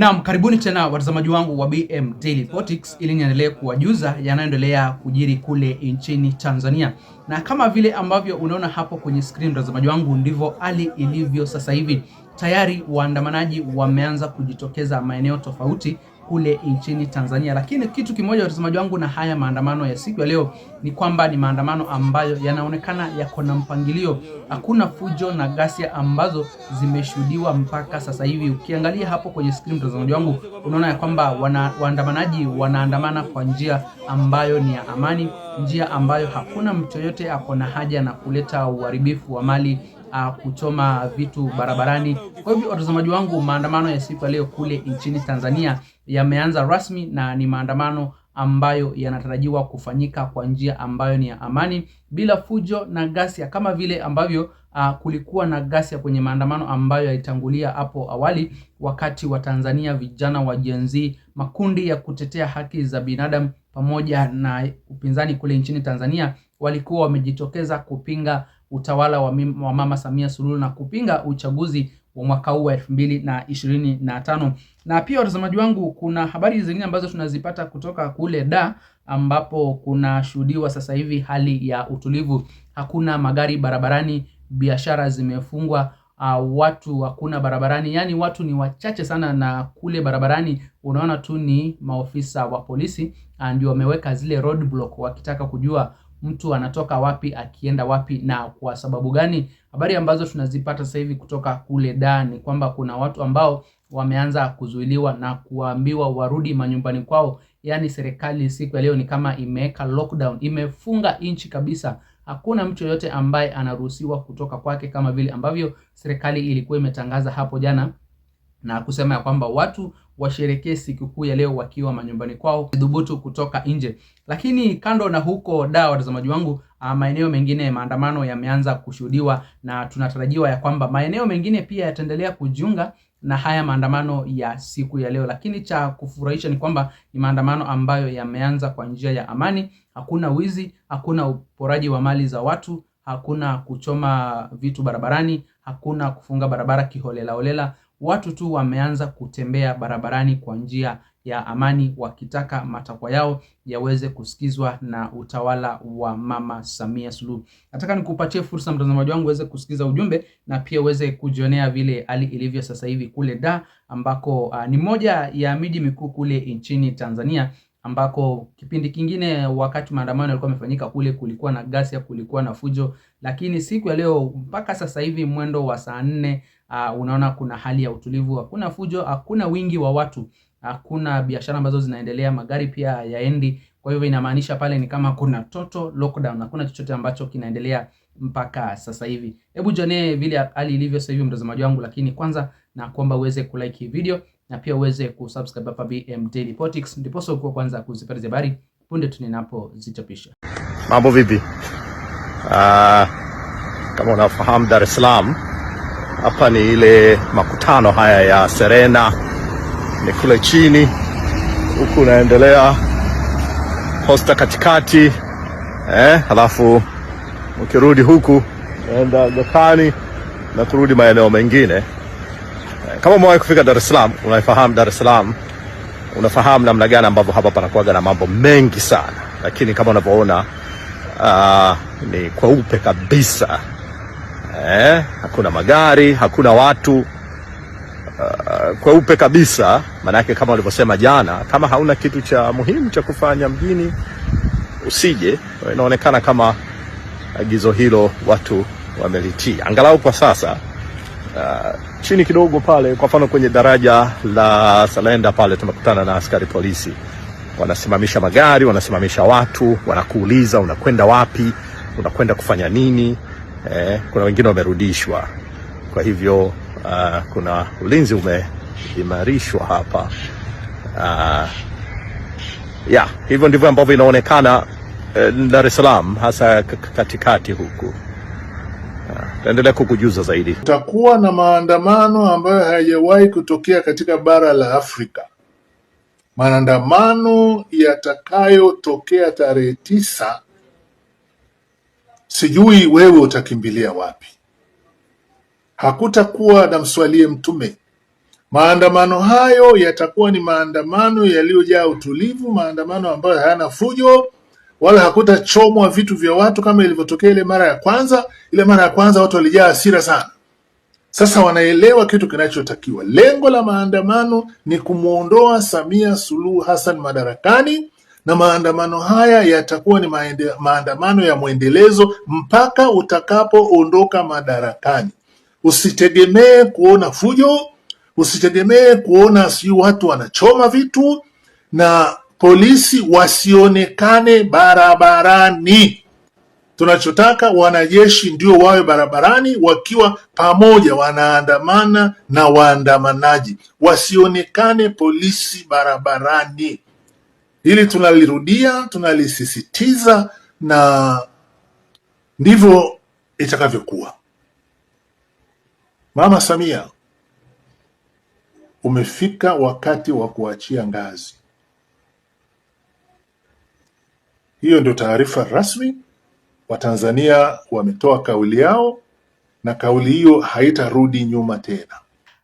Naam, karibuni tena watazamaji wangu wa BM Daily Politics, ili niendelee kuwajuza yanayoendelea kujiri kule nchini Tanzania, na kama vile ambavyo unaona hapo kwenye screen, mtazamaji wangu, ndivyo hali ilivyo sasa hivi. Tayari waandamanaji wameanza kujitokeza maeneo tofauti kule nchini Tanzania. Lakini kitu kimoja, watazamaji wangu, na haya maandamano ya siku ya leo ni kwamba ni maandamano ambayo yanaonekana yako na mpangilio. Hakuna fujo na ghasia ambazo zimeshuhudiwa mpaka sasa hivi. Ukiangalia hapo kwenye screen, mtazamaji wangu, unaona ya kwamba wana, waandamanaji wanaandamana kwa njia ambayo ni ya amani, njia ambayo hakuna mtu yoyote ako na haja na kuleta uharibifu wa mali uh, kuchoma vitu barabarani. Kwa hivyo, watazamaji wangu, maandamano ya siku ya leo kule nchini Tanzania yameanza rasmi na ni maandamano ambayo yanatarajiwa kufanyika kwa njia ambayo ni ya amani bila fujo na ghasia kama vile ambavyo uh, kulikuwa na ghasia kwenye maandamano ambayo yalitangulia hapo awali, wakati wa Tanzania vijana wa Gen Z, makundi ya kutetea haki za binadamu pamoja na upinzani kule nchini Tanzania walikuwa wamejitokeza kupinga utawala wa, mima, wa Mama Samia Suluhu na kupinga uchaguzi wa mwaka huu wa elfu mbili na ishirini na tano. Na pia watazamaji wangu, kuna habari zingine ambazo tunazipata kutoka kule da ambapo kunashuhudiwa sasa hivi hali ya utulivu, hakuna magari barabarani, biashara zimefungwa. Uh, watu hakuna barabarani, yaani watu ni wachache sana, na kule barabarani unaona tu ni maofisa wa polisi ndio wameweka zile roadblock wakitaka kujua mtu anatoka wapi akienda wapi na kwa sababu gani. Habari ambazo tunazipata sasa hivi kutoka kule Dar ni kwamba kuna watu ambao wameanza kuzuiliwa na kuambiwa warudi manyumbani kwao. Yaani serikali siku ya leo ni kama imeweka lockdown, imefunga nchi kabisa. Hakuna mtu yoyote ambaye anaruhusiwa kutoka kwake, kama vile ambavyo serikali ilikuwa imetangaza hapo jana na kusema ya kwamba watu washerekee sikukuu ya leo wakiwa manyumbani kwao, dhubutu kutoka nje. Lakini kando na huko da, watazamaji wangu, ah, maeneo mengine maandamano yameanza kushuhudiwa na tunatarajiwa ya kwamba maeneo mengine pia yataendelea kujiunga na haya maandamano ya siku ya leo. Lakini cha kufurahisha ni kwamba ni maandamano ambayo yameanza kwa njia ya amani. Hakuna wizi, hakuna uporaji wa mali za watu, hakuna kuchoma vitu barabarani, hakuna kufunga barabara kiholelaholela. Watu tu wameanza kutembea barabarani kwa njia ya amani wakitaka matakwa yao yaweze kusikizwa na utawala wa Mama Samia Suluhu. Nataka nikupatie fursa mtazamaji wangu uweze kusikiza ujumbe na pia uweze kujionea vile hali ilivyo sasa hivi kule Dar ambako uh, ni moja ya miji mikuu kule nchini Tanzania ambako kipindi kingine wakati maandamano yalikuwa yamefanyika kule, kulikuwa na ghasia, kulikuwa na fujo, lakini siku ya leo mpaka sasa hivi mwendo wa saa nne uh, unaona kuna hali ya utulivu, hakuna fujo, hakuna wingi wa watu, hakuna biashara ambazo zinaendelea, magari pia hayaendi. Kwa hivyo inamaanisha pale ni kama kuna toto lockdown, hakuna chochote ambacho kinaendelea mpaka sasa hivi. Hebu jionee vile hali ilivyo sasa hivi, mtazamaji wangu, lakini kwanza na kuomba uweze kulike hii video na pia uweze kusubscribe hapa BM Daily Politics, ndipo ndiposo uko kwanza kuzipata habari punde tu ninapozichapisha. Mambo vipi? Uh, kama unafahamu Dar es Salaam hapa ni ile makutano haya ya Serena, ni kule chini huku unaendelea Posta katikati, eh, halafu ukirudi huku naenda Gakani na kurudi maeneo mengine eh, Kama umewahi kufika Dar es Salaam, unaifahamu Dar es Salaam, unafahamu namna gani ambavyo hapa panakuwaga na mambo mengi sana, lakini kama unavyoona, uh, ni kweupe kabisa eh, hakuna magari, hakuna watu uh, kweupe kabisa. Maanake kama walivyosema jana, kama hauna kitu cha muhimu cha kufanya mjini usije. Inaonekana kama agizo hilo watu wamelitii, angalau kwa sasa. Uh, chini kidogo pale, kwa mfano kwenye daraja la Salenda pale, tumekutana na askari polisi, wanasimamisha magari, wanasimamisha watu, wanakuuliza unakwenda wapi, unakwenda kufanya nini? eh, kuna wengine wamerudishwa. Kwa hivyo uh, kuna ulinzi umeimarishwa hapa uh, ah, yeah, hivyo ndivyo ambavyo inaonekana eh, Dar es Salaam hasa katikati huku. Ah, Taendelea kukujuza zaidi. Kutakuwa na maandamano ambayo hayajawahi kutokea katika bara la Afrika, maandamano yatakayotokea tarehe tisa Sijui wewe utakimbilia wapi. Hakutakuwa na mswalie Mtume. Maandamano hayo yatakuwa ni maandamano yaliyojaa utulivu, maandamano ambayo hayana fujo, wala hakutachomwa vitu vya watu kama ilivyotokea ile mara ya kwanza. Ile mara ya kwanza watu walijaa hasira sana. Sasa wanaelewa kitu kinachotakiwa. Lengo la maandamano ni kumwondoa Samia Suluhu Hassan madarakani na maandamano haya yatakuwa ni maende, maandamano ya mwendelezo mpaka utakapoondoka madarakani. Usitegemee kuona fujo, usitegemee kuona si watu wanachoma vitu na polisi wasionekane barabarani. Tunachotaka wanajeshi ndio wawe barabarani wakiwa pamoja, wanaandamana na waandamanaji, wasionekane polisi barabarani. Hili tunalirudia, tunalisisitiza na ndivyo itakavyokuwa. Mama Samia, umefika wakati wa kuachia ngazi. Hiyo ndio taarifa rasmi. Watanzania wametoa kauli yao na kauli hiyo haitarudi nyuma tena.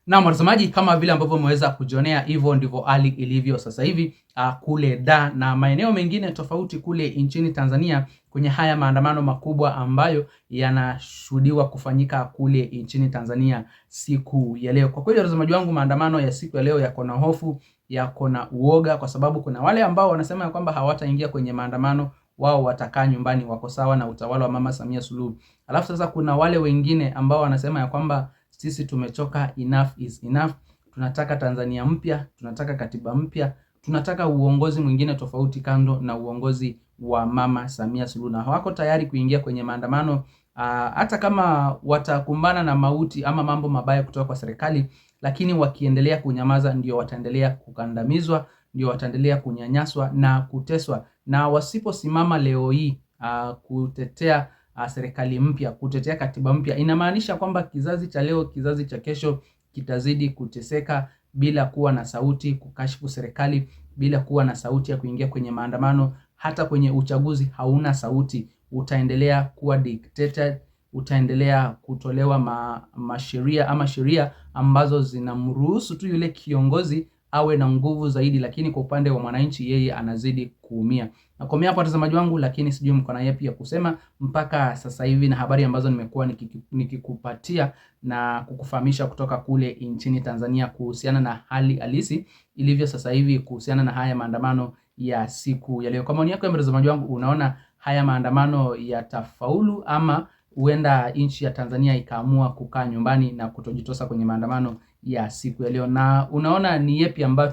Na watazamaji, kama vile ambavyo umeweza kujionea, hivyo ndivyo hali ilivyo sasa hivi uh, kule Dar na maeneo mengine tofauti kule nchini Tanzania kwenye haya maandamano makubwa ambayo yanashuhudiwa kufanyika kule nchini Tanzania siku ya leo. Kwa kweli, watazamaji wangu, maandamano ya siku ya leo yako na hofu, yako na uoga, kwa sababu kuna wale ambao wanasema ya kwamba hawataingia kwenye maandamano wao watakaa nyumbani, wako sawa na utawala wa Mama Samia Suluhu. Alafu sasa kuna wale wengine ambao wanasema ya kwamba sisi tumechoka, enough is enough. Tunataka Tanzania mpya, tunataka katiba mpya, tunataka uongozi mwingine tofauti kando na uongozi wa Mama Samia Suluhu. Na tayari kuingia kwenye maandamano ah, hata kama watakumbana na mauti ama mambo mabaya kutoka kwa serikali, lakini wakiendelea kunyamaza, ndio wataendelea kukandamizwa, ndio wataendelea kunyanyaswa na kuteswa, na wasiposimama leo hii ah, kutetea serikali mpya, kutetea katiba mpya, inamaanisha kwamba kizazi cha leo, kizazi cha kesho kitazidi kuteseka bila kuwa na sauti kukashifu serikali, bila kuwa na sauti ya kuingia kwenye maandamano. Hata kwenye uchaguzi hauna sauti, utaendelea kuwa dictated, utaendelea kutolewa ma, masheria ama sheria ambazo zinamruhusu tu yule kiongozi awe na nguvu zaidi, lakini kwa upande wa mwananchi yeye anazidi kuumia. Nakomea hapo watazamaji wangu, lakini sijui mko na yapi ya kusema mpaka sasa hivi na habari ambazo nimekuwa nikikupatia na kukufahamisha kutoka kule nchini Tanzania kuhusiana na hali halisi ilivyo sasa hivi kuhusiana na haya maandamano ya siku ya leo. Kwa maoni yako ya mtazamaji wangu, unaona haya maandamano yatafaulu ama huenda nchi ya Tanzania ikaamua kukaa nyumbani na kutojitosa kwenye maandamano ya siku ya leo, na unaona ni yepi ambayo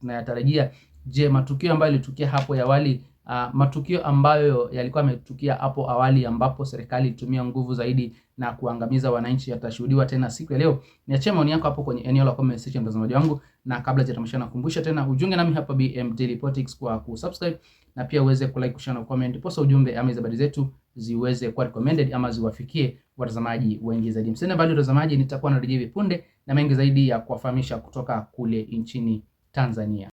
tunayatarajia. Je, matukio ambayo yalitukia hapo awali Uh, matukio ambayo yalikuwa yametukia hapo awali ambapo serikali ilitumia nguvu zaidi na kuangamiza wananchi yatashuhudiwa tena siku ya leo. Niachie maoni yako hapo kwenye eneo la comment section, mtazamaji wangu, na kabla sijatamishana, nakumbusha tena ujiunge nami hapa BM Daily Politics kwa kusubscribe na pia uweze kulike, kushare na comment, posa ujumbe ama habari zetu ziweze kuwa recommended ama ziwafikie watazamaji wengi zaidi. Msende bali watazamaji, nitakuwa narejea vipunde na mengi zaidi ya kuwafahamisha kutoka kule nchini Tanzania.